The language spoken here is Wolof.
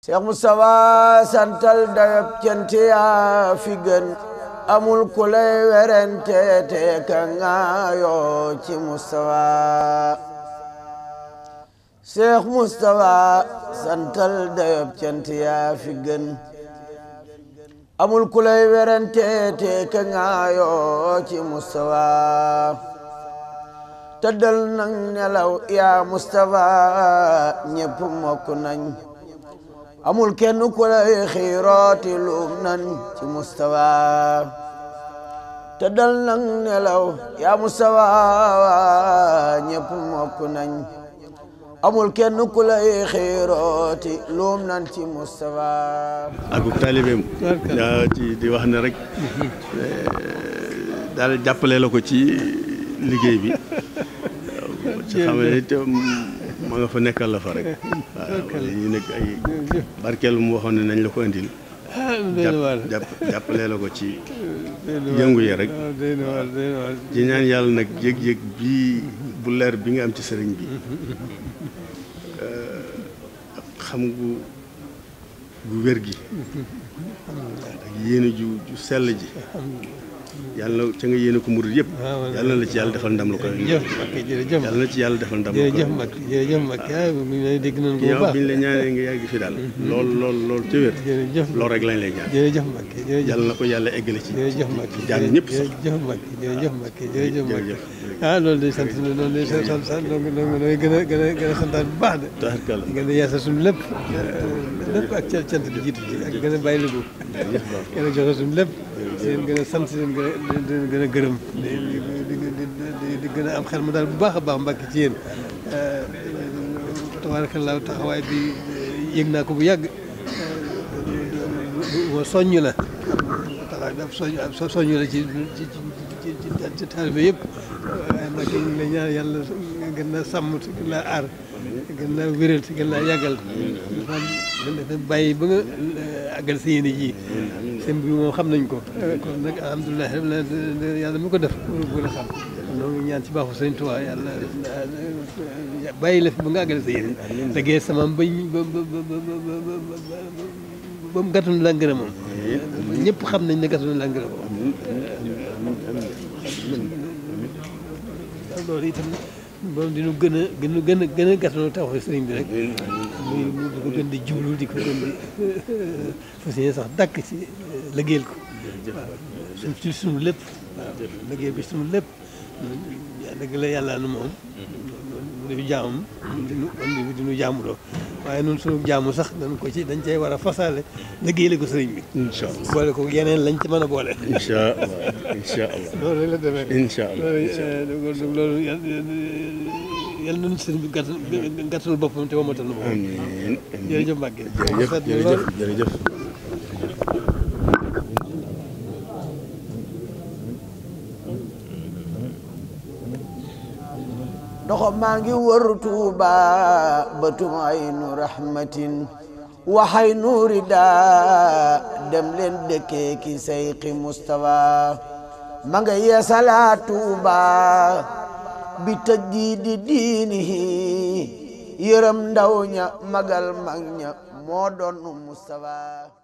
Sheikh Mustafa santal dayob cant ya fi gën amul ku lay werante te ka ngaayoo ci Mustafa. Sheikh Mustafa santal dayob cant ya fi gën amul ku lay werante te ka ngaayoo ci Mustafa. Tadal nang nelaw ya Mustafa ñépp mokk nañ amul kenn ku lay xiirooti luum nan ci mustawa te dal nang nelaw yaa mustawa ñépp mokk nañ amul kenn ku lay xiirooti luum nan ci mustawa akub taalibeem daa ci di wax ne rek eh, daal jàppale la ko ci liggéey bi ci xam ne ma nga fa nekkal la fa rek waaw ñu nekk barkeel mu waxoon ne nañ la ko indil ah, jàpp jàppalee la ko ci yëngu ya rek ci ah, ñaan yàlla nag yëg-yëg bii bu leer bi nga am ci sëriñ bi uh, xam gu gu wér gi ak yéene ju ju sell ji yàlla na ca nga yéene ko murid yëpp ah, yàlla na la ci yàlla defal ndam lu ko yàlla na ci yàlla defal ndam lu ko jërëjëf Mbacke jërëjëf Mbacke ah. Ah, dégg nañ ko bu baax biñ la ñaanee nga yàgg fi daal mm-hmm. lool lool lool ci wér loolu rek lañ lay ñaan jërëjëf Mbacke yàlla na ko yàlla eggale ci jërëjëf Mbacke jàng ñëpp sax jërëjëf Mbacke jërëjëf Mbacke jërëjëf ah loolu day sant loolu day sant sant loolu gën a gën a gën a santaat bu baax de. taxarkalla gën a yaasa suñu lépp. lépp ak cant di jiitu ji ak gën a bàyyi liggéey. gën a joxe suñu lépp. di leen gën a sant di leen gën a gërëm. di di di gën a am xel mu daal bu baax a baax mbàkk ci yéen. tabaarakallaa taxawaay bi yëg naa ko bu yàgg. woo soññu la. taxawaay bi ab soññu la ci ci. ci taalibe yëpp waaye nag ñu ngi lay ñaan gën naa sàmm gën naa aar gën naa wéral te gën naa yàggal dafa bàyyi ba nga àggal sa yéene ji seen bi moom xam nañ ko kon nag alhamdulilah yàlla mu ko def bu la xam noo ngi ñaan ci baaxu sëñ Tuubaa yàlla bàyyi la fi ba nga àggal sa yéene liggéey sama bañ ba ba ba ba ba mu gàttum la ñëpp xam nañ ne Gaston Ndang la ko wax. loolu itam moom dinu gën a gën a gën a gën a bi rek. muy mu di ko gën di ko gën di fas yéene sax dàkk ci liggéeyal ko. waaw ci suñu lépp. waaw liggéey bi suñu lépp. dëgg la yàlla nu moom. mu def jaamam. di nu waaye noonu sunu jaamu sax dañ ko ci dañ cay war a fasaale liggéeyal ko sëriñ bi. boole ko yeneen lañ ci mën a boole. incha allah incha allah. loolu la demee incha allah loolu eh, loolu yal nañu sëriñ bi gàttal te wamatal na boppam. amiin amiin jërëjëf ndoxo maa ngi wër tuuba batum aynu rahmatin waxay nuuri daa dem leen dëkkee ki sayqi mustafa ma nga yeesalaa tuuba bi tajdiidi diinihi yërëm ndaw ña magal mag ña moo doon mustafa